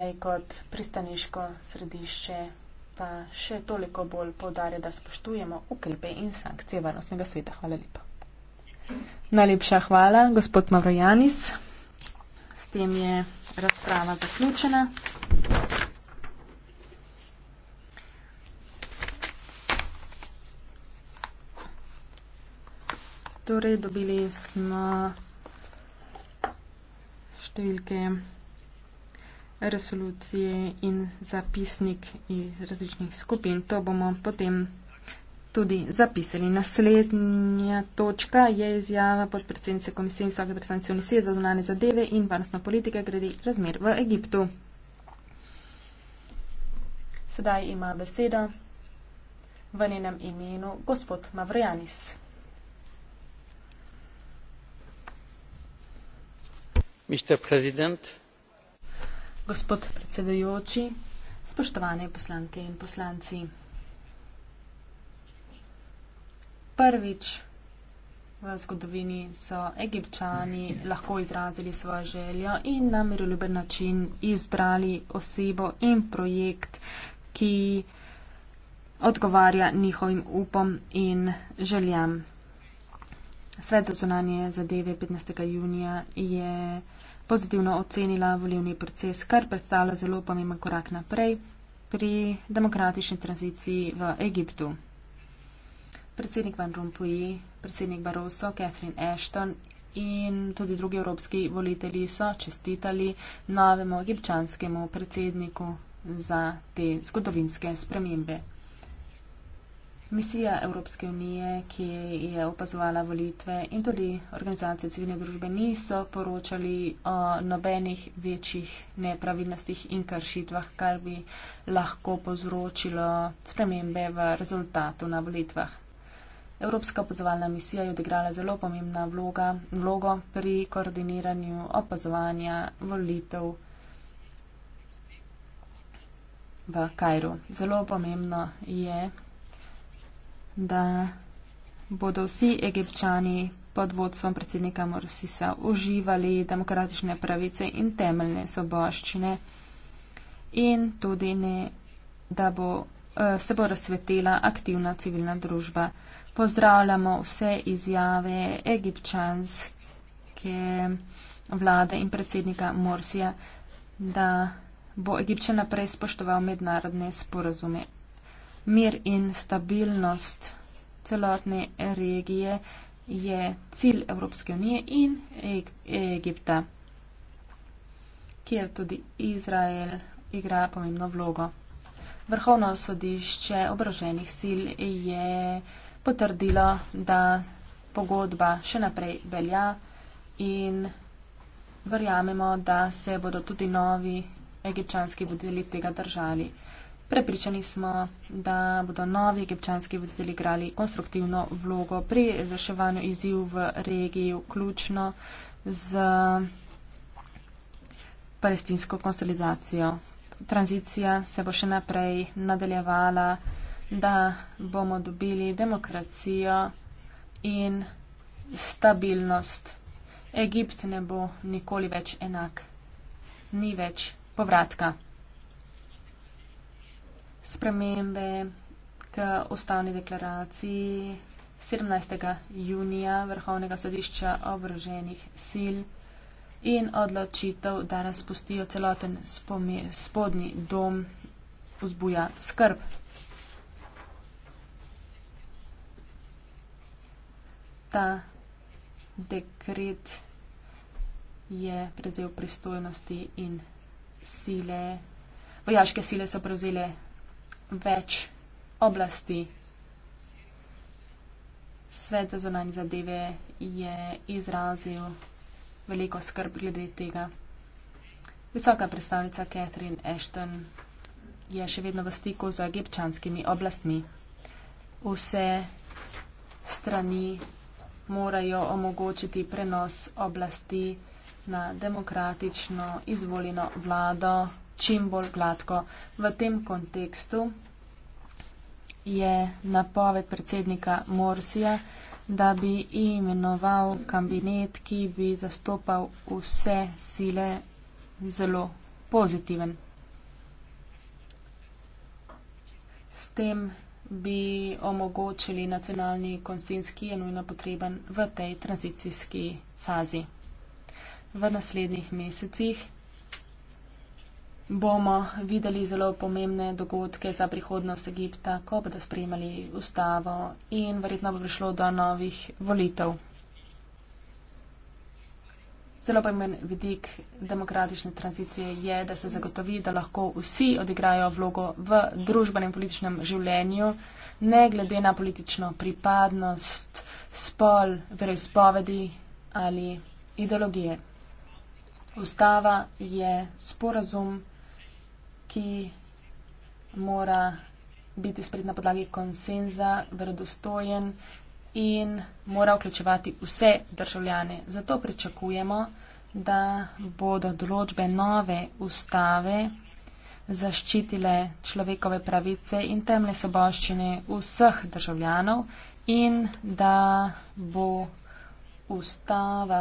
Kaj kot pristaniško središče pa še toliko bolj podarja, da spoštujemo ukrepe in sankcije varnostnega sveta. Hvala lepa. Najlepša hvala, gospod Mavrojanis. S tem je razprava zaključena. Torej, dobili smo številke resolucije in zapisnik iz različnih skupin. To bomo potem tudi zapisali. Naslednja točka je izjava podpredsednice Komisije in Svake predstavnice Unisije za zunanje zadeve in varnostno politike glede razmer v Egiptu. Sedaj ima besedo v njenem imenu gospod Mavrojanis. Mr. President, Gospod predsedujoči, spoštovane poslanke in poslanci. Prvič v zgodovini so egipčani lahko izrazili svojo željo in na miroljuben način izbrali osebo in projekt, ki odgovarja njihovim upom in željam. Svet za zunanje zadeve 15. junija je pozitivno ocenila volivni proces, kar predstavlja zelo pomemben korak naprej pri demokratični tranziciji v Egiptu. Predsednik Van Rompuy, predsednik Barroso, Catherine Ashton in tudi drugi evropski voliteli so čestitali novemu egipčanskemu predsedniku za te zgodovinske spremembe. Misija Evropske unije, ki je opazovala volitve in tudi organizacije civilne družbe niso poročali o nobenih večjih nepravilnostih in kršitvah, kar bi lahko povzročilo spremembe v rezultatu na volitvah. Evropska opazovalna misija je odigrala zelo pomembna vloga, vlogo pri koordiniranju opazovanja volitev v Kajru. Zelo pomembno je, da bodo vsi egipčani pod vodstvom predsednika Morsisa uživali demokratične pravice in temeljne soboščine in tudi ne, da bo, eh, se bo razsvetila aktivna civilna družba. Pozdravljamo vse izjave egipčanske vlade in predsednika Morsija, da bo Egipče naprej spoštoval mednarodne sporazume. Mir in stabilnost celotne regije je cilj Evropske unije in e-, Egipta, kjer tudi Izrael igra pomembno vlogo. Vrhovno sodišče obroženih sil je potrdilo, da pogodba še naprej velja in verjamemo, da se bodo tudi novi egipčanski voditelji tega držali. Prepričani smo, da bodo novi egipčanski voditelji igrali konstruktivno vlogo pri reševanju izziv v regiji, vključno z palestinsko konsolidacijo. Tranzicija se bo še naprej nadaljevala, da bomo dobili demokracijo in stabilnost. Egipt ne bo nikoli več enak. Ni več povratka spremembe k ustavni deklaraciji 17. junija Vrhovnega sodišča obroženih sil in odločitev, da razpustijo celoten spodnji dom, vzbuja skrb. Ta dekret je prevzel pristojnosti in sile, vojaške sile so prevzele več oblasti. Svet za zunanje zadeve je izrazil veliko skrb glede tega. Visoka predstavnica Catherine Ashton je še vedno v stiku z egipčanskimi oblastmi. Vse strani morajo omogočiti prenos oblasti na demokratično izvoljeno vlado čim bolj gladko. V tem kontekstu je napoved predsednika Morsija, da bi imenoval kabinet, ki bi zastopal vse sile, zelo pozitiven. S tem bi omogočili nacionalni konsens, ki je nujno potreben v tej tranzicijski fazi. V naslednjih mesecih bomo videli zelo pomembne dogodke za prihodnost Egipta, ko bodo sprejemali ustavo in verjetno bo prišlo do novih volitev. Zelo pomemben vidik demokratične tranzicije je, da se zagotovi, da lahko vsi odigrajo vlogo v družbenem političnem življenju, ne glede na politično pripadnost, spol, veroizpovedi ali ideologije. Ustava je sporazum, ki mora biti sprejet na podlagi konsenza, verodostojen in mora vključevati vse državljane. Zato pričakujemo, da bodo določbe nove ustave zaščitile človekove pravice in temne soboščine vseh državljanov in da bo ustava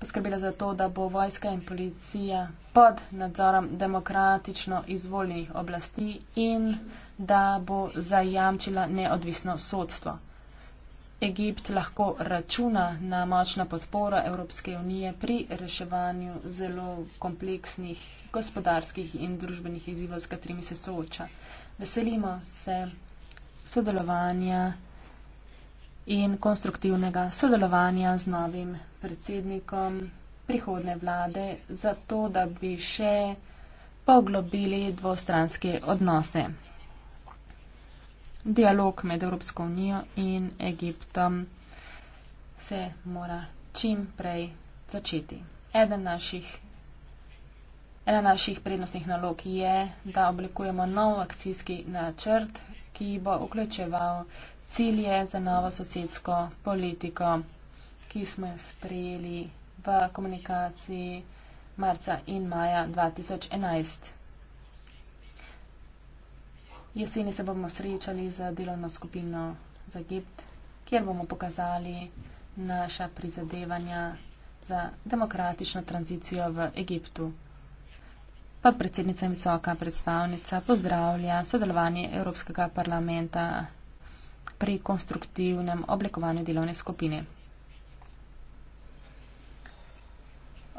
poskrbela za to, da bo vojska in policija pod nadzorom demokratično izvoljenih oblasti in da bo zajamčila neodvisno sodstvo. Egipt lahko računa na močno podporo Evropske unije pri reševanju zelo kompleksnih gospodarskih in družbenih izzivov, s katerimi se sooča. Veselimo se sodelovanja in konstruktivnega sodelovanja z novim predsednikom prihodne vlade, zato da bi še poglobili dvostranske odnose. Dialog med Evropsko unijo in Egiptom se mora čim prej začeti. Eden naših. Ena naših prednostnih nalog je, da oblikujemo nov akcijski načrt, ki bo vključeval cilje za novo sosedsko politiko, ki smo jo sprejeli v komunikaciji marca in maja 2011. Jeseni se bomo srečali z delovno skupino za Egipt, kjer bomo pokazali naša prizadevanja za demokratično tranzicijo v Egiptu. Podpredsednica in visoka predstavnica pozdravlja sodelovanje Evropskega parlamenta pri konstruktivnem oblikovanju delovne skupine.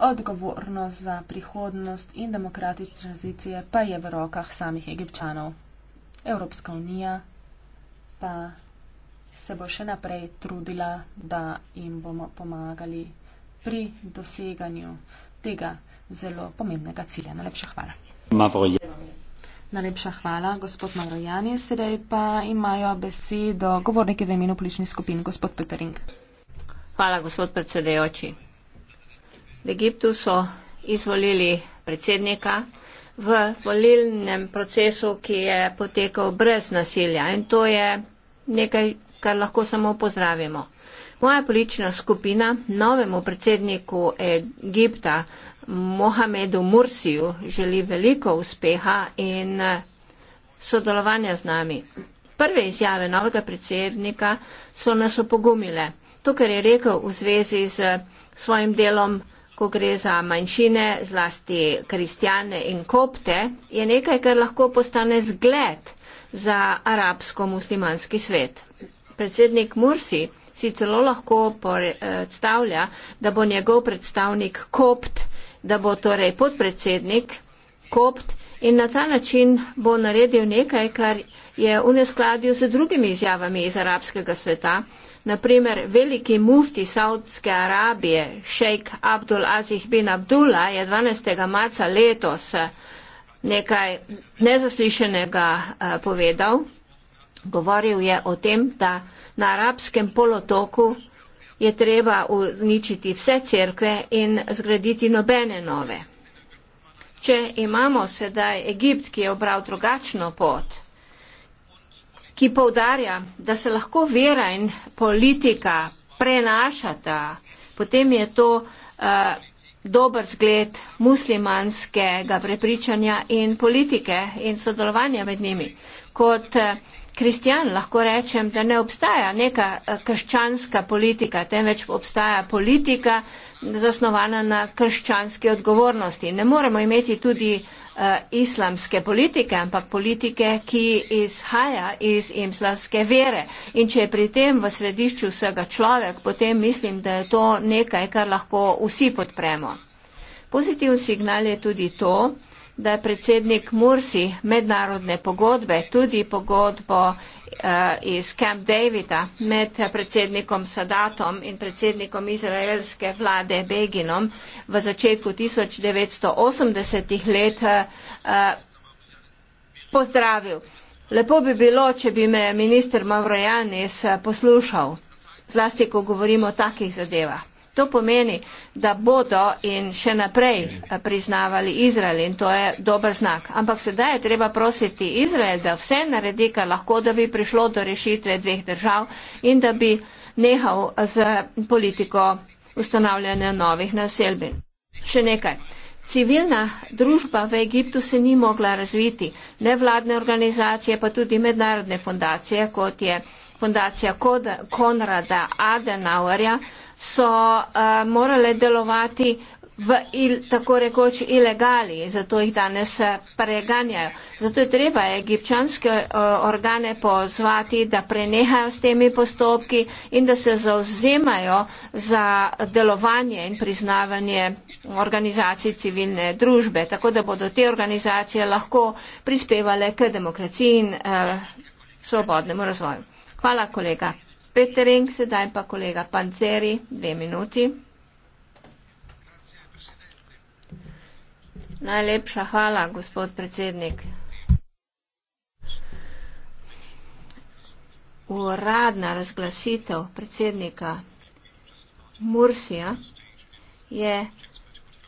Odgovornost za prihodnost in demokratične tranzicije pa je v rokah samih egipčanov. Evropska unija pa se bo še naprej trudila, da jim bomo pomagali pri doseganju tega zelo pomembnega cilja. Najlepša hvala. Mavoje. Najlepša hvala, gospod Marojani. Sedaj pa imajo besedo govornike v imenu politični skupin, gospod Petering. Hvala, gospod predsedejoči. V Egiptu so izvolili predsednika v volilnem procesu, ki je potekal brez nasilja in to je nekaj, kar lahko samo pozdravimo. Moja politična skupina novemu predsedniku Egipta Mohamedu Mursiju želi veliko uspeha in eh, sodelovanja z nami. Prve izjave novega predsednika so nas opogumile. To, kar je rekel v zvezi z eh, svojim delom, ko gre za manjšine, zlasti kristjane in kopte, je nekaj, kar lahko postane zgled za arabsko-muslimanski svet. Predsednik Mursi si celo lahko eh, predstavlja, da bo njegov predstavnik kopt da bo torej podpredsednik kopt in na ta način bo naredil nekaj, kar je v neskladju z drugimi izjavami iz arabskega sveta. Naprimer, veliki mufti Saudske Arabije, šejk Abdul Azih bin Abdullah, je 12. marca letos eh, nekaj nezaslišenega eh, povedal. Govoril je o tem, da na arabskem polotoku je treba uničiti vse cerkve in zgraditi nobene nove. Če imamo sedaj Egipt, ki je obral drugačno pot, ki povdarja, da se lahko vera in politika prenašata, potem je to uh, dober zgled muslimanskega prepričanja in politike in sodelovanja med njimi. Kot uh, kristjan, lahko rečem, da ne obstaja neka eh, krščanska politika, temveč obstaja politika zasnovana na krščanski odgovornosti. Ne moremo imeti tudi uh, islamske politike, ampak politike, ki izhaja iz imslavske vere. In če je pri tem v središču vsega človek, potem mislim, da je to nekaj, kar lahko vsi podpremo. Pozitiv signal je tudi to, da je predsednik Mursi mednarodne pogodbe, tudi pogodbo eh, iz Camp Davida med predsednikom Sadatom in predsednikom izraelske vlade Beginom v začetku 1980-ih let eh, pozdravil. Lepo bi bilo, če bi me minister Mavrojanis eh, poslušal, zlasti ko govorimo o takih zadevah. To pomeni, da bodo in še naprej eh, priznavali Izrael in to je dober znak. Ampak sedaj je treba prositi Izrael, da vse naredi, kar lahko, da bi prišlo do rešitve dveh držav in da bi nehal z politiko ustanavljanja novih naselbin. Še nekaj civilna družba v Egiptu se ni mogla razviti. Nevladne organizacije, pa tudi mednarodne fondacije, kot je fondacija Kod Konrada Adenauerja, so uh, morale delovati v il, tako rekoč ilegali, zato jih danes eh, preganjajo. Zato je treba egipčanske eh, organe pozvati, da prenehajo s temi postopki in da se zauzemajo za delovanje in priznavanje organizacij civilne družbe, tako da bodo te organizacije lahko prispevale k demokraciji in eh, svobodnemu razvoju. Hvala, kolega. Petering, sedaj pa kolega Panceri, dve minuti. Najlepša hvala, gospod predsednik. Uradna razglasitev predsednika Mursija je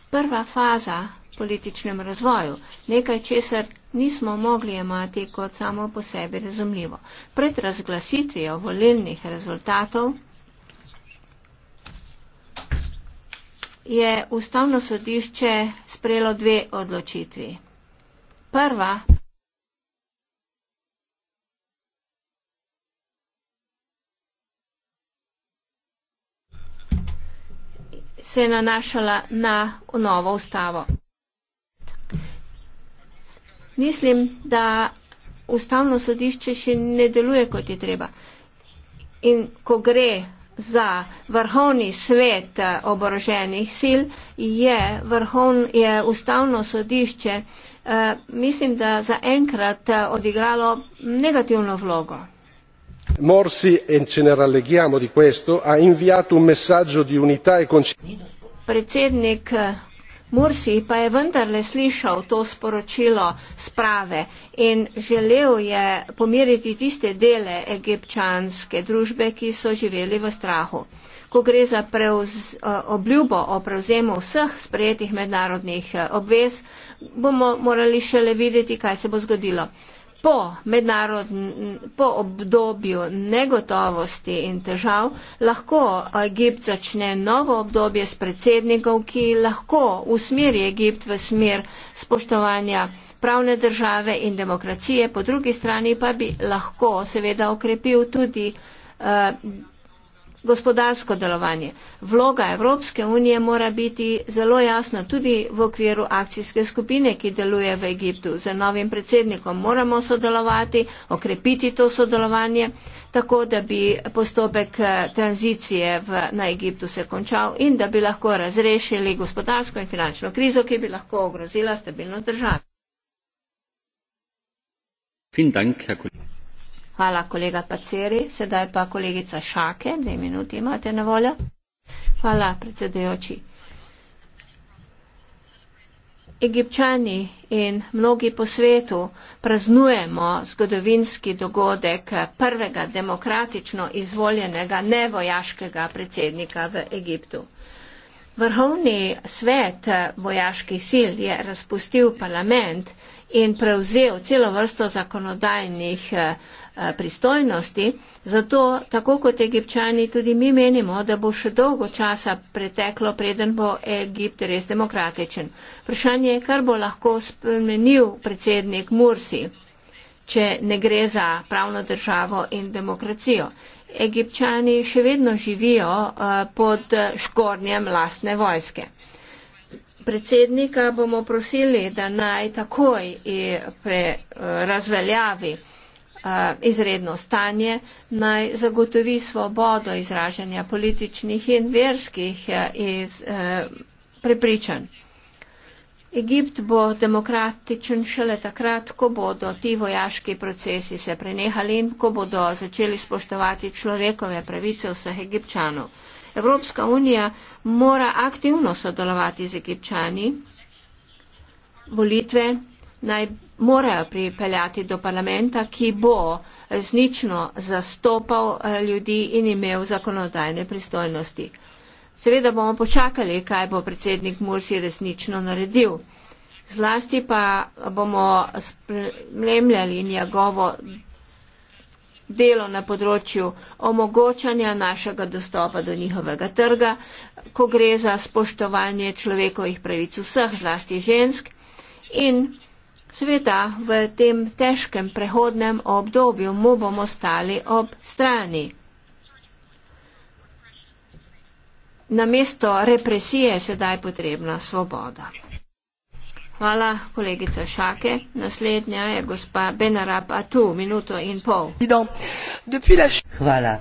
prva faza političnem razvoju. Nekaj česar nismo mogli imati kot samo po sebi razumljivo. Pred razglasitvijo volilnih rezultatov je ustavno sodišče sprejelo dve odločitvi. Prva. se je nanašala na novo ustavo. Mislim, da ustavno sodišče še ne deluje, kot je treba. In ko gre za vrhovni svet eh, oboroženih sil je, vrhovn, je ustavno sodišče, eh, mislim, da zaenkrat eh, odigralo negativno vlogo. Morsi, in če ne ralegiamo di questo, ha inviato un messaggio di unità e concilio. Predsednik Mursi pa je vendarle slišal to sporočilo sprave in želel je pomiriti tiste dele egipčanske družbe, ki so živeli v strahu. Ko gre za prevz, eh, obljubo o prevzemu vseh sprejetih mednarodnih eh, obvez, bomo morali šele videti, kaj se bo zgodilo po, po obdobju negotovosti in težav lahko Egipt začne novo obdobje s predsednikov, ki lahko usmeri Egipt v smer spoštovanja pravne države in demokracije, po drugi strani pa bi lahko seveda okrepil tudi uh, gospodarsko delovanje. Vloga Evropske unije mora biti zelo jasna tudi v okviru akcijske skupine, ki deluje v Egiptu. Z novim predsednikom moramo sodelovati, okrepiti to sodelovanje, tako da bi postopek eh, tranzicije v, na Egiptu se končal in da bi lahko razrešili gospodarsko in finančno krizo, ki bi lahko ogrozila stabilnost države. Vielen Dank, Herr Kollege. Hvala, kolega Paceri. Sedaj pa kolegica Šake, dve minuti imate na voljo. Hvala, predsedujoči. Egipčani in mnogi po svetu praznujemo zgodovinski dogodek prvega demokratično izvoljenega nevojaškega predsednika v Egiptu. Vrhovni svet vojaških sil je razpustil parlament in prevzel celo vrsto zakonodajnih eh, pristojnosti, zato tako kot egipčani tudi mi menimo, da bo še dolgo časa preteklo, preden bo Egipt res demokratičen. Vprašanje je, kar bo lahko spremenil predsednik Mursi, če ne gre za pravno državo in demokracijo egipčani še vedno živijo eh, pod škornjem lastne vojske. Predsednika bomo prosili, da naj takoj eh, eh, razveljavi izredno stanje, naj zagotovi svobodo izražanja političnih in verskih iz prepričanj. Egipt bo demokratičen šele takrat, ko bodo ti vojaški procesi se prenehali in ko bodo začeli spoštovati človekove pravice vseh egipčanov. Evropska unija mora aktivno sodelovati z egipčani. Volitve naj morajo pripeljati do parlamenta, ki bo resnično zastopal eh, ljudi in imel zakonodajne pristojnosti. Seveda bomo počakali, kaj bo predsednik Mursi resnično naredil. Zlasti pa bomo spremljali njegovo delo na področju omogočanja našega dostopa do njihovega trga, ko gre za spoštovanje človekovih pravic vseh, zlasti žensk. In sveta v tem težkem prehodnem obdobju mu bomo stali ob strani. namesto represije sedaj potrebna svoboda. Hvala, kolegica Šake. Naslednja je gospa Benarab Atu, minuto in pol. Hvala,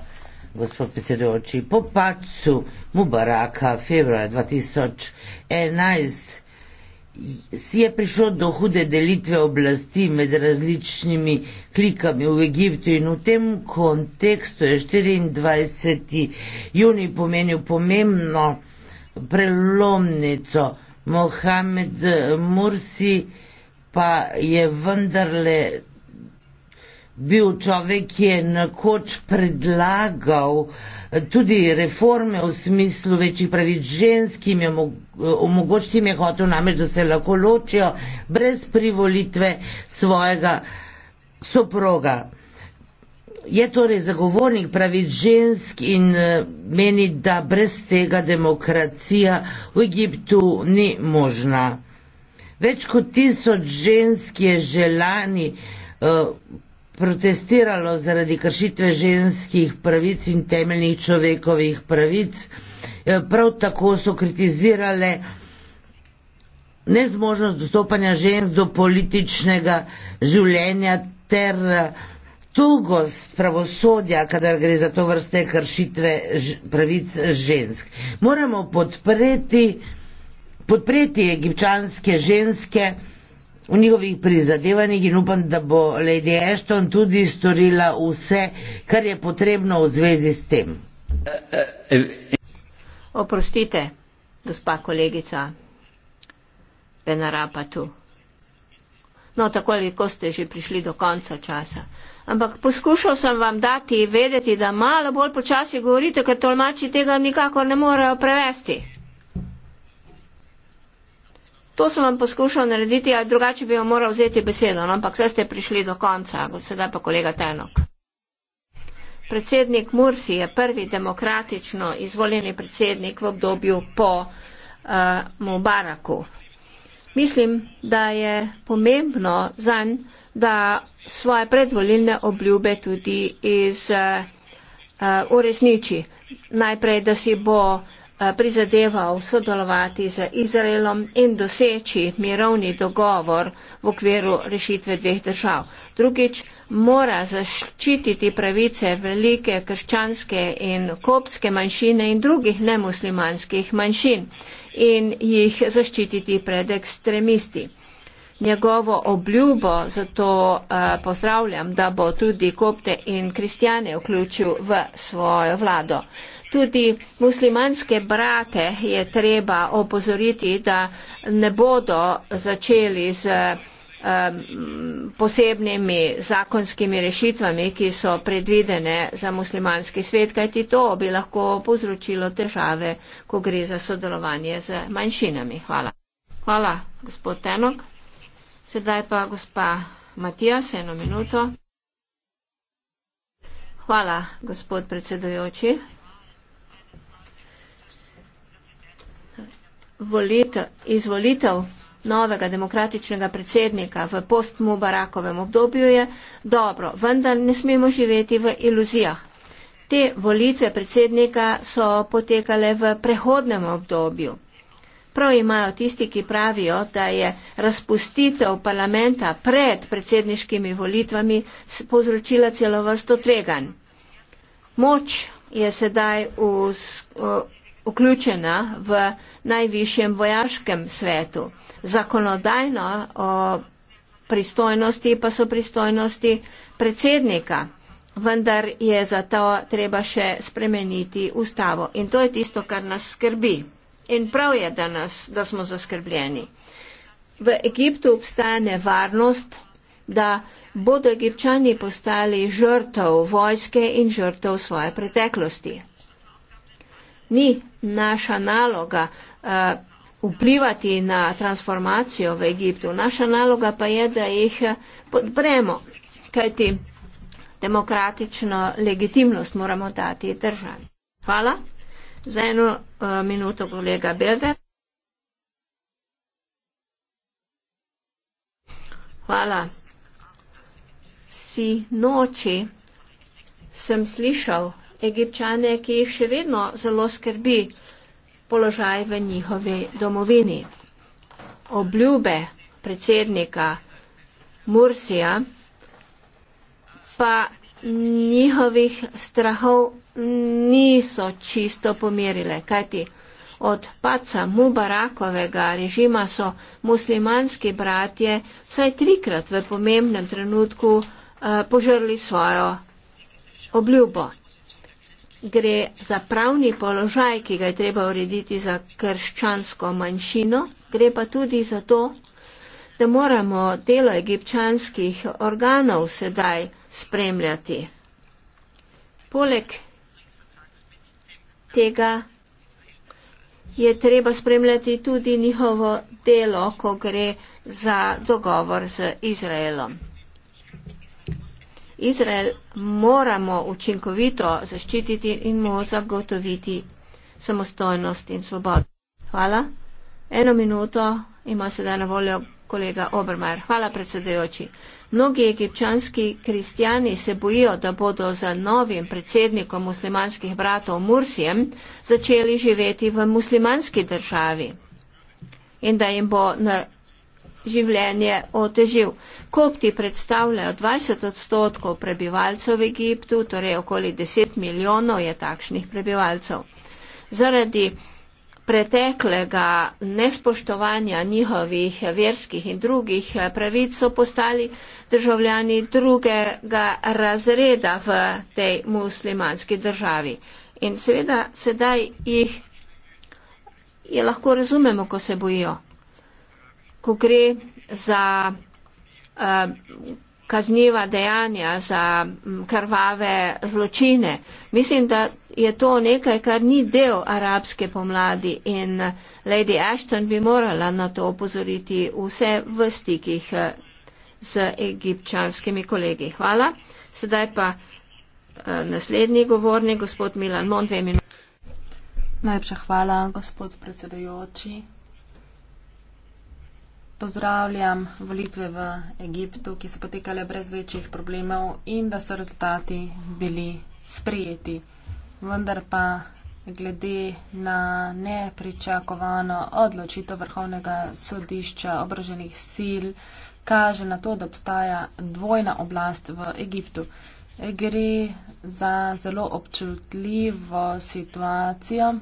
gospod predsedujoči. Po pacu Mubaraka februarja 2011 si je prišlo do hude delitve oblasti med različnimi klikami v Egiptu in v tem kontekstu je 24. juni pomenil pomembno prelomnico. Mohamed Mursi pa je vendarle bil človek, ki je nekoč predlagal uh, tudi reforme v smislu večjih pravic ženskim, omogočiti jim je hotel namreč, da se lahko ločijo brez privolitve svojega soproga. Je torej zagovornik pravic žensk in eh, meni, da brez tega demokracija v Egiptu ni možna. Več kot tisoč žensk je želani eh, protestiralo zaradi kršitve ženskih pravic in temeljnih človekovih pravic. Eh, prav tako so kritizirale nezmožnost dostopanja žensk do političnega življenja ter eh, togost pravosodja, kadar gre za to vrste kršitve pravic žensk. Moramo podpreti, podpreti egipčanske ženske, v njihovih prizadevanjih in upam, da bo Lady Ashton tudi storila vse, kar je potrebno v zvezi s tem. Oprostite, gospa kolegica Benarapa tu. No, tako ali tako ste že prišli do konca časa. Ampak poskušal sem vam dati vedeti, da malo bolj počasi govorite, ker tolmači tega nikakor ne morejo prevesti. To sem vam poskušal narediti, ali drugače bi vam moral vzeti besedo, no, ampak zdaj ste prišli do konca, sedaj pa kolega Tenok. Predsednik Mursi je prvi demokratično izvoljeni predsednik v obdobju po uh, Mubaraku. Mislim, da je pomembno za njega, da svoje predvolilne obljube tudi iz, uh, uh, uresniči. Najprej, da si bo uh, Eh, prizadeval sodelovati z Izraelom in doseči mirovni dogovor v okviru rešitve dveh držav. Drugič, mora zaščititi pravice velike krščanske in koptske manjšine in drugih nemuslimanskih manjšin in jih zaščititi pred ekstremisti. Njegovo obljubo zato uh, pozdravljam, da bo tudi kopte in kristjane vključil v svojo vlado. Uh, Tudi muslimanske brate je treba opozoriti, da ne bodo začeli z posebnimi zakonskimi rešitvami, ki so predvidene za muslimanski svet, kajti to bi lahko povzročilo težave, ko gre za sodelovanje z manjšinami. Hvala. Hvala, gospod Tenok. Sedaj pa gospa Matijas, eno minuto. Hvala, gospod predsedujoči. izvolitev novega demokratičnega predsednika v post-Mubarakovem obdobju je dobro, vendar ne smemo živeti v iluzijah. Te volitve predsednika so potekale v prehodnem obdobju. Prav imajo tisti, ki pravijo, da je razpustitev parlamenta pred predsedniškimi volitvami povzročila celo vrsto tveganj. Moč je sedaj v, vključena v najvišjem vojaškem svetu. Zakonodajno o pristojnosti pa so pristojnosti predsednika, vendar je zato treba še spremeniti ustavo. In to je tisto, kar nas skrbi. In prav je, da, nas, da smo zaskrbljeni. V Egiptu obstaja nevarnost, da bodo egipčani postali žrtev vojske in žrtev svoje preteklosti ni naša naloga uh, vplivati na transformacijo v Egiptu. Naša naloga pa je, da jih podpremo, kajti demokratično legitimnost moramo dati državi. Hvala. Za eno uh, minuto, kolega Belde. Hvala. Si noči sem slišal egipčane, ki jih še vedno zelo skrbi položaj v njihovi domovini. Obljube predsednika Mursija pa njihovih strahov niso čisto pomirile, kajti od paca Mubarakovega režima so muslimanski bratje vsaj trikrat v pomembnem trenutku eh, požrli svojo obljubo gre za pravni položaj, ki ga je treba urediti za krščansko manjšino, gre pa tudi za to, da moramo delo egipčanskih organov sedaj spremljati. Poleg tega je treba spremljati tudi njihovo delo, ko gre za dogovor z Izraelom. Izrael moramo učinkovito zaščititi in mu zagotoviti samostojnost in svobodo. Hvala. Eno minuto ima sedaj na voljo kolega Obermajer. Hvala, predsedujoči. Mnogi egipčanski kristijani se bojijo, da bodo za novim predsednikom muslimanskih bratov Mursijem začeli živeti v muslimanski državi in da jim bo življenje otežil. Kopti predstavljajo 20 odstotkov prebivalcev v Egiptu, torej okoli 10 milijonov je takšnih prebivalcev. Zaradi preteklega nespoštovanja njihovih verskih in drugih pravic so postali državljani drugega razreda v tej muslimanski državi. In seveda sedaj jih je lahko razumemo, ko se bojijo ko gre za eh, kazniva dejanja, za mm, krvave zločine. Mislim, da je to nekaj, kar ni del arabske pomladi in Lady Ashton bi morala na to opozoriti vse v stikih eh, z egipčanskimi kolegi. Hvala. Sedaj pa eh, naslednji govornik, gospod Milan Mondvemin. Najlepša hvala, gospod predsedujoči pozdravljam volitve v Egiptu, ki so potekale brez večjih problemov in da so rezultati bili sprejeti. Vendar pa glede na nepričakovano odločitev vrhovnega sodišča obroženih sil, kaže na to, da obstaja dvojna oblast v Egiptu. Gre za zelo občutljivo situacijo.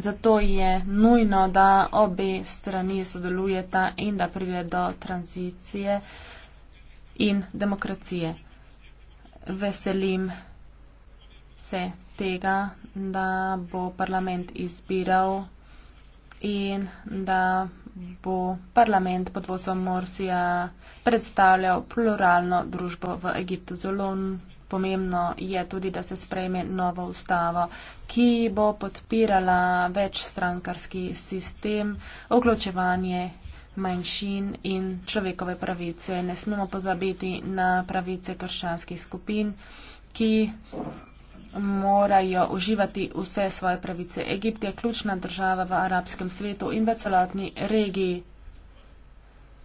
Zato je nujno, da obe strani sodelujeta in da pride do tranzicije in demokracije. Veselim se tega, da bo parlament izbiral in da bo parlament pod vozom Morsija predstavljal pluralno družbo v Egiptu. Zelo pomembno je tudi, da se sprejme novo ustavo, ki bo podpirala večstrankarski sistem, vključevanje manjšin in človekove pravice. Ne smemo pozabiti na pravice krščanskih skupin, ki morajo uživati vse svoje pravice. Egipt je ključna država v arabskem svetu in v celotni regiji,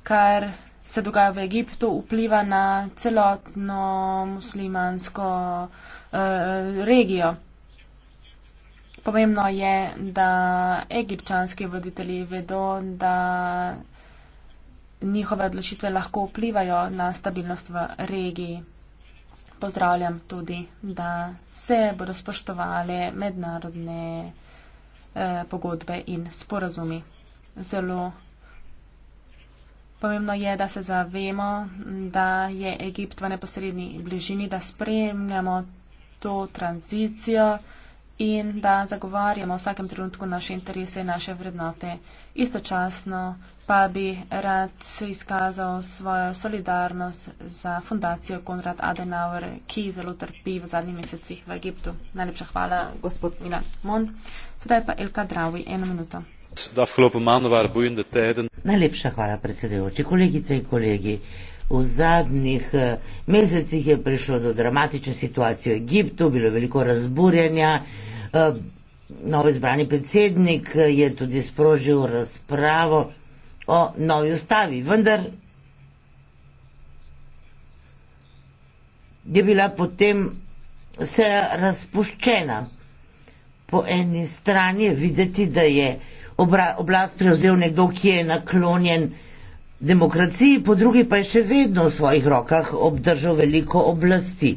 kar se dogaja v Egiptu, vpliva na celotno muslimansko uh, regijo. Pomembno je, da egipčanski voditelji vedo, da njihove odločitve lahko vplivajo na stabilnost v regiji. Pozdravljam tudi, da se bodo spoštovali mednarodne eh, pogodbe in sporazumi. Zelo Pomembno je, da se zavemo, da je Egipt v neposrednji bližini, da spremljamo to tranzicijo in da zagovarjamo v vsakem trenutku naše interese in naše vrednote. Istočasno pa bi rad izkazal svojo solidarnost za fundacijo Konrad Adenauer, ki zelo trpi v zadnjih mesecih v Egiptu. Najlepša hvala, gospod Milan Mon. Sedaj pa Elka Dravi, eno minuto. De afgelopen maanden waren boeiende tijden. Najlepša hvala, predsedujoči. Kolegice in kolegi, v zadnjih eh, mesecih je prišlo do dramatične situacije v Egiptu, bilo je veliko razburjanja. Eh, Novo izbrani predsednik eh, je tudi sprožil razpravo o novi ustavi, vendar je bila potem se razpuščena. Po eni strani je videti, da je oblast prevzel nekdo, ki je naklonjen demokraciji, po drugi pa je še vedno v svojih rokah obdržal veliko oblasti.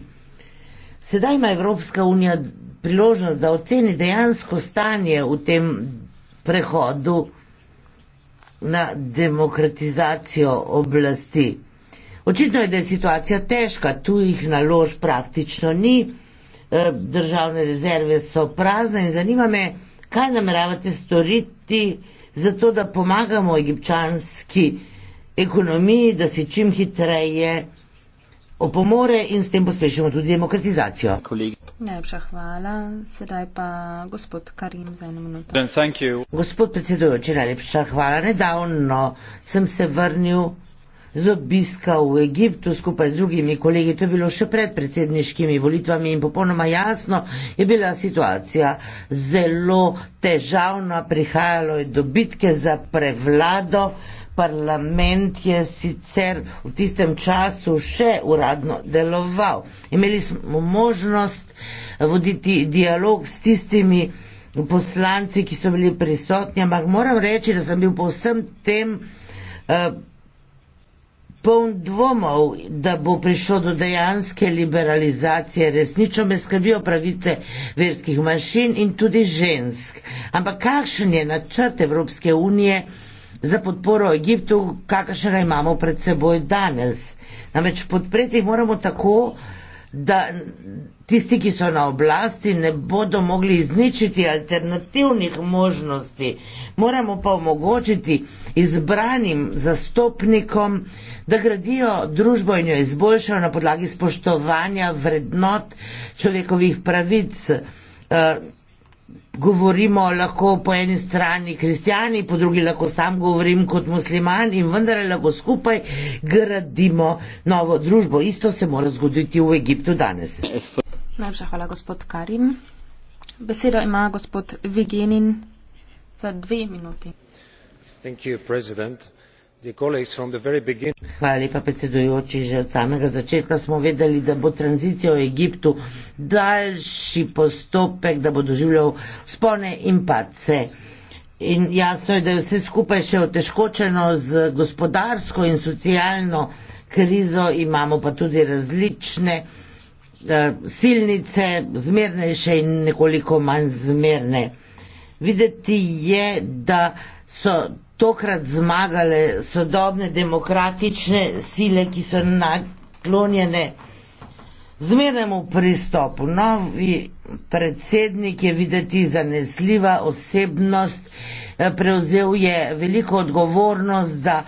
Sedaj ima Evropska unija priložnost, da oceni dejansko stanje v tem prehodu na demokratizacijo oblasti. Očitno je, da je situacija težka, tujih nalož praktično ni, eh, državne rezerve so prazne in zanima me, kaj nameravate storiti za to, da pomagamo egipčanski ekonomiji, da si čim hitreje opomore in s tem pospešimo tudi demokratizacijo. Kolegi. Najlepša hvala. Sedaj pa gospod Karim za eno minuto. Then, gospod predsedujoči, najlepša hvala. Nedavno sem se vrnil z obiska v Egiptu skupaj z drugimi kolegi, to je bilo še pred predsedniškimi volitvami in popolnoma jasno je bila situacija zelo težavna, prihajalo je do bitke za prevlado, parlament je sicer v tistem času še uradno deloval. Imeli smo možnost voditi dialog s tistimi poslanci, ki so bili prisotni, ampak moram reči, da sem bil po vsem tem eh, poln dvomov, da bo prišlo do dejanske liberalizacije. Resnično me skrbijo pravice verskih manjšin in tudi žensk. Ampak kakšen je načrt Evropske unije za podporo Egiptu, kakšnega imamo pred seboj danes? Namreč podpreti jih moramo tako, da tisti, ki so na oblasti, ne bodo mogli izničiti alternativnih možnosti. Moramo pa omogočiti, izbranim zastopnikom, da gradijo družbo in jo izboljšajo na podlagi spoštovanja vrednot človekovih pravic. Eh, govorimo lahko po eni strani kristijani, po drugi lahko sam govorim kot musliman in vendar lahko skupaj gradimo novo družbo. Isto se mora zgoditi v Egiptu danes. Najlepša hvala, gospod Karim. Beseda ima gospod Vigenin za dve minuti že od samega začetka smo vedeli, da bo tranzicija v Egiptu daljši postopek, da bo doživljal spone in pace. In jasno je, da je vse skupaj še otežkočeno z gospodarsko in socialno krizo, imamo pa tudi različne eh, silnice, zmernejše in nekoliko manj zmerne. Videti je, da so tokrat zmagale sodobne demokratične sile, ki so naklonjene zmernemu pristopu. Novi predsednik je videti zanesljiva osebnost, eh, prevzel je veliko odgovornost, da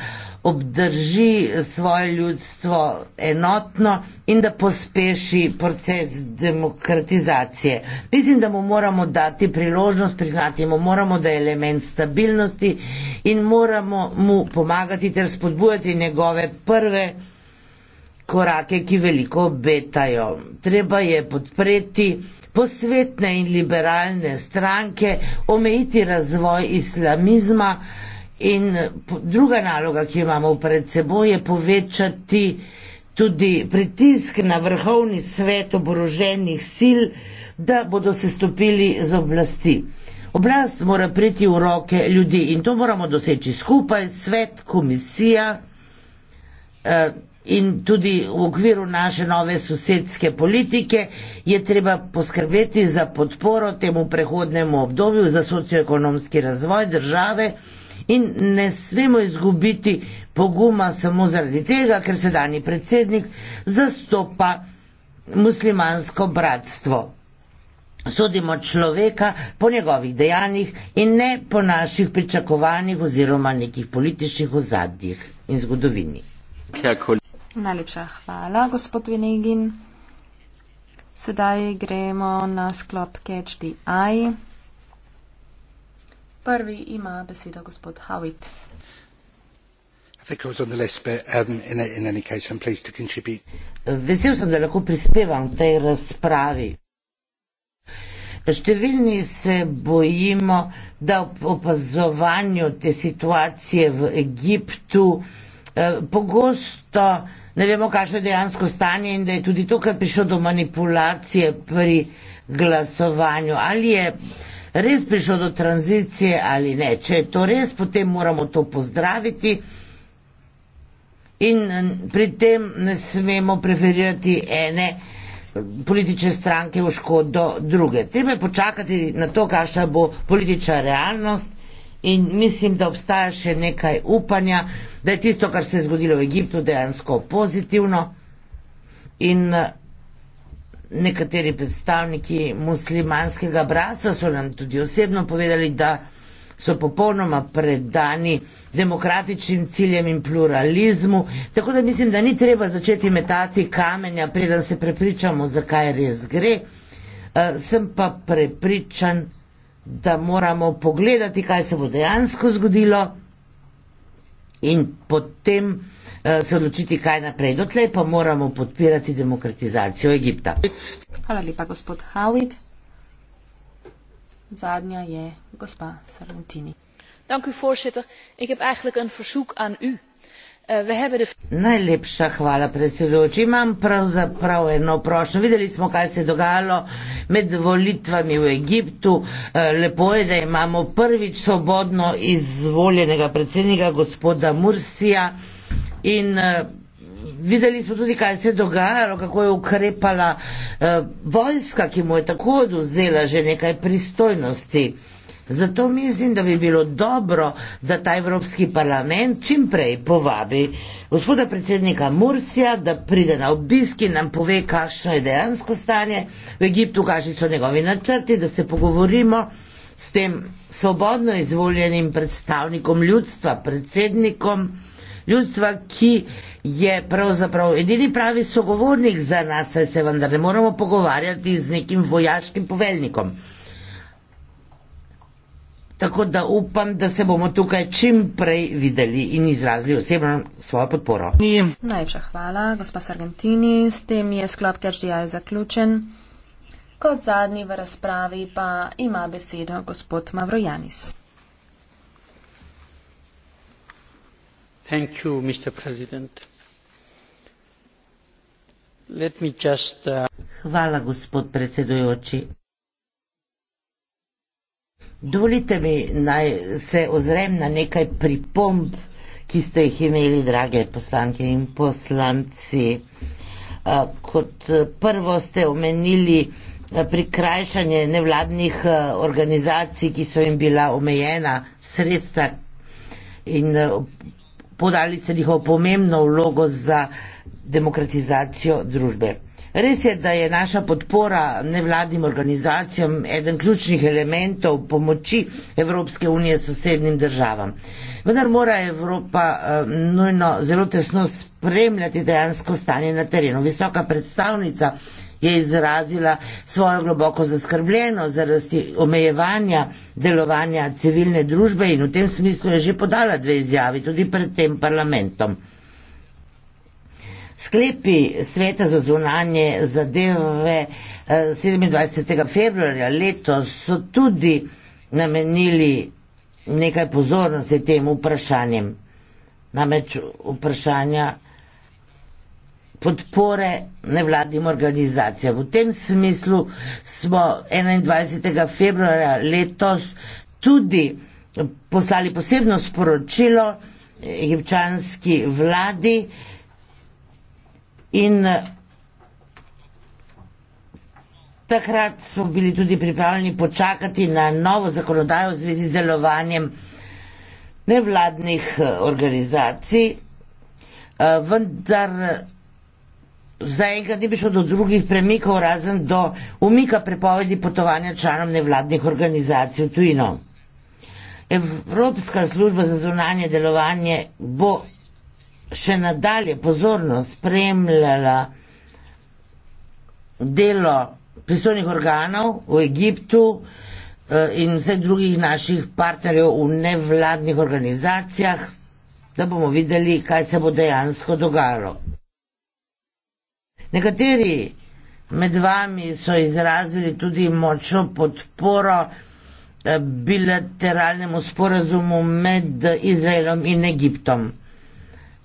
obdrži svoje ljudstvo enotno in da pospeši proces demokratizacije. Mislim, da mu moramo dati priložnost, priznati mu moramo, da je element stabilnosti in moramo mu pomagati ter spodbujati njegove prve korake, ki veliko obetajo. Treba je podpreti posvetne in liberalne stranke, omejiti razvoj islamizma, In druga naloga, ki jo imamo pred seboj, je povečati tudi pritisk na vrhovni svet oboroženih sil, da bodo se stopili z oblasti. Oblast mora priti v roke ljudi in to moramo doseči skupaj, svet, komisija eh, in tudi v okviru naše nove sosedske politike je treba poskrbeti za podporo temu prehodnemu obdobju, za socioekonomski razvoj države in ne smemo izgubiti poguma samo zaradi tega, ker se dani predsednik zastopa muslimansko bratstvo. Sodimo človeka po njegovih dejanjih in ne po naših pričakovanjih oziroma nekih političnih ozadjih in zgodovini. Najlepša hvala, gospod Venegin. Sedaj gremo na sklop Catch the Eye. Prvi ima besedo gospod Howitt. Um, Vesel sem, da lahko prispevam tej razpravi. Številni se bojimo, da ob opazovanju te situacije v Egiptu eh, pogosto ne vemo, kakšno je dejansko stanje in da je tudi tokrat prišlo do manipulacije pri glasovanju. Ali je eh, res prišlo do tranzicije ali ne. Če je to res, potem moramo to pozdraviti in pri tem ne smemo preferirati ene politične stranke v škodo druge. Treba je počakati na to, kakšna bo politična realnost in mislim, da obstaja še nekaj upanja, da je tisto, kar se je zgodilo v Egiptu, dejansko pozitivno. In nekateri predstavniki muslimanskega brasa so nam tudi osebno povedali, da so popolnoma predani demokratičnim ciljem in pluralizmu, tako da mislim, da ni treba začeti metati kamenja, preden se prepričamo, zakaj res gre. Eh, sem pa prepričan, da moramo pogledati, kaj se bo dejansko zgodilo in potem Eh, se odločiti, kaj naprej. Dotlej pa moramo podpirati demokratizacijo Egipta. Hvala lepa, gospod Hawit. Zadnja je gospa Sarantini. Dank u, voorzitter. Ik heb eigenlijk een verzoek aan u. Eh, Najlepša hvala, predsedujoči. Imam pravzaprav eno prošnjo. Videli smo, kaj se je dogajalo med volitvami v Egiptu. Eh, lepo je, da imamo prvič svobodno izvoljenega predsednika, gospoda Mursija. In uh, videli smo tudi, kaj se je dogajalo, kako je ukrepala uh, vojska, ki mu je tako oduzela že nekaj pristojnosti. Zato mislim, da bi bilo dobro, da ta Evropski parlament čim prej povabi gospoda predsednika Mursija, da pride na obisk in nam pove, kakšno je dejansko stanje v Egiptu, kakšni so njegovi načrti, da se pogovorimo s tem svobodno izvoljenim predstavnikom ljudstva, predsednikom ljudstva, ki je pravzaprav edini pravi sogovornik za nas, saj se vendar ne moramo pogovarjati z nekim vojaškim poveljnikom. Tako da upam, da se bomo tukaj čim prej videli in izrazili osebno svojo podporo. Najlepša hvala, gospa Sargentini. S tem je sklop Kerždijaj zaključen. Kot zadnji v razpravi pa ima besedo gospod Mavrojanis. Uh, Hvala, gospod predsedujoči. Dovolite mi, naj se ozrem na nekaj pripomb, ki ste jih imeli, drage poslanke in poslanci. Uh, kot uh, prvo ste omenili prikrajšanje nevladnih organizacij, ki so jim bila omejena sredstva in podali ste njihovo pomembno vlogo za demokratizacijo družbe. Res je, da je naša podpora nevladnim organizacijam eden ključnih elementov pomoči Evropske unije sosednjim državam. Vendar mora Evropa eh, nujno zelo tesno spremljati dejansko stanje na terenu. Visoka predstavnica je izrazila svojo globoko zaskrbljenost zaradi omejevanja delovanja civilne družbe in v tem smislu je že podala dve izjavi tudi pred tem parlamentom. Sklepi sveta za zunanje zadeve 27. Eh, februarja letos so tudi namenili nekaj pozornosti tem vprašanjem. Namreč vprašanja podpore nevladnim organizacijam. V tem smislu smo 21. februarja letos tudi poslali posebno sporočilo egipčanski vladi in takrat smo bili tudi pripravljeni počakati na novo zakonodajo v zvezi z delovanjem nevladnih eh, organizacij, eh, vendar zaenkrat ni prišlo do drugih premikov, razen do umika prepovedi potovanja članom nevladnih organizacij v tujino. Evropska služba za zunanje delovanje bo še nadalje pozorno spremljala delo pristojnih organov v Egiptu eh, in vseh drugih naših partnerjev v nevladnih organizacijah, da bomo videli, kaj se bo dejansko dogajalo. Nekateri med vami so izrazili tudi močno podporo eh, bilateralnemu sporazumu med Izraelom in Egiptom.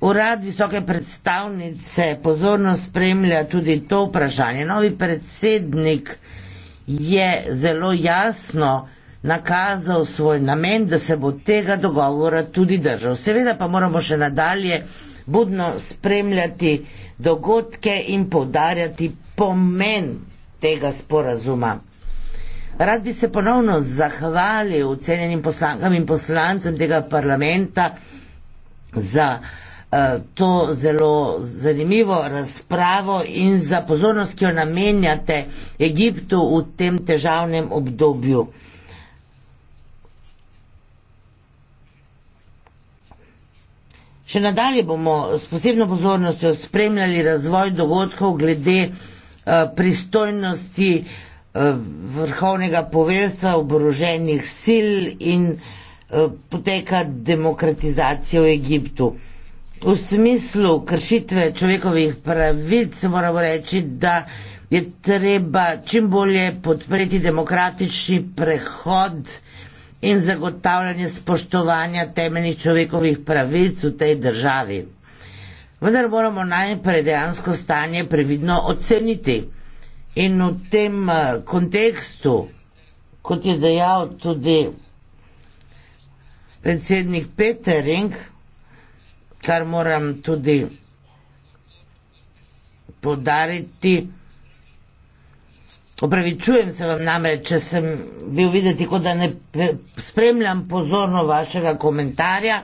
Urad visoke predstavnice pozorno spremlja tudi to vprašanje. Novi predsednik je zelo jasno nakazal svoj namen, da se bo tega dogovora tudi držal. Seveda pa moramo še nadalje budno spremljati dogodke in povdarjati pomen tega sporazuma. Rad bi se ponovno zahvalil cenjenim poslankam in poslancem tega parlamenta za eh, to zelo zanimivo razpravo in za pozornost, ki jo namenjate Egiptu v tem težavnem obdobju. Še nadalje bomo s posebno pozornostjo spremljali razvoj dogodkov glede eh, pristojnosti eh, vrhovnega poveljstva oboroženih sil in eh, poteka demokratizacije v Egiptu. V smislu kršitve človekovih pravic moramo reči, da je treba čim bolje podpreti demokratični prehod in zagotavljanje spoštovanja temeljnih človekovih pravic v tej državi. Vendar moramo najprej dejansko stanje previdno oceniti in v tem eh, kontekstu, kot je dejal tudi predsednik Petering, kar moram tudi podariti, Opravičujem se vam namreč, če sem bil videti, kot da ne spremljam pozorno vašega komentarja,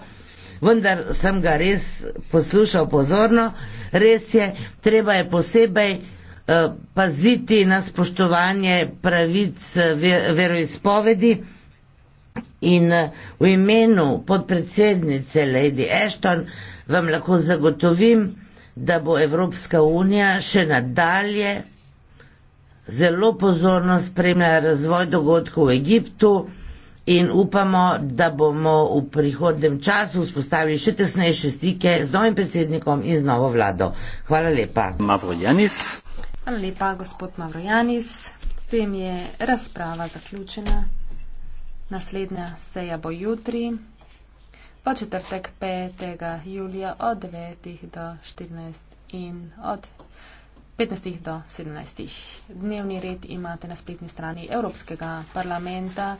vendar sem ga res poslušal pozorno. Res je, treba je posebej eh, paziti na spoštovanje pravic veroizpovedi in eh, v imenu podpredsednice Lady Ashton vam lahko zagotovim, da bo Evropska unija še nadalje zelo pozorno spremlja razvoj dogodkov v Egiptu in upamo, da bomo v prihodnem času vzpostavili še tesnejše stike z novim predsednikom in z novo vlado. Hvala lepa. Mavrojanis. Hvala lepa, gospod Mavrojanis. S tem je razprava zaključena. Naslednja seja bo jutri, pa četrtek 5. julija od 9. do 14. in od 15 do 17. Dnevni red imate na spletni strani Evropskega parlamenta.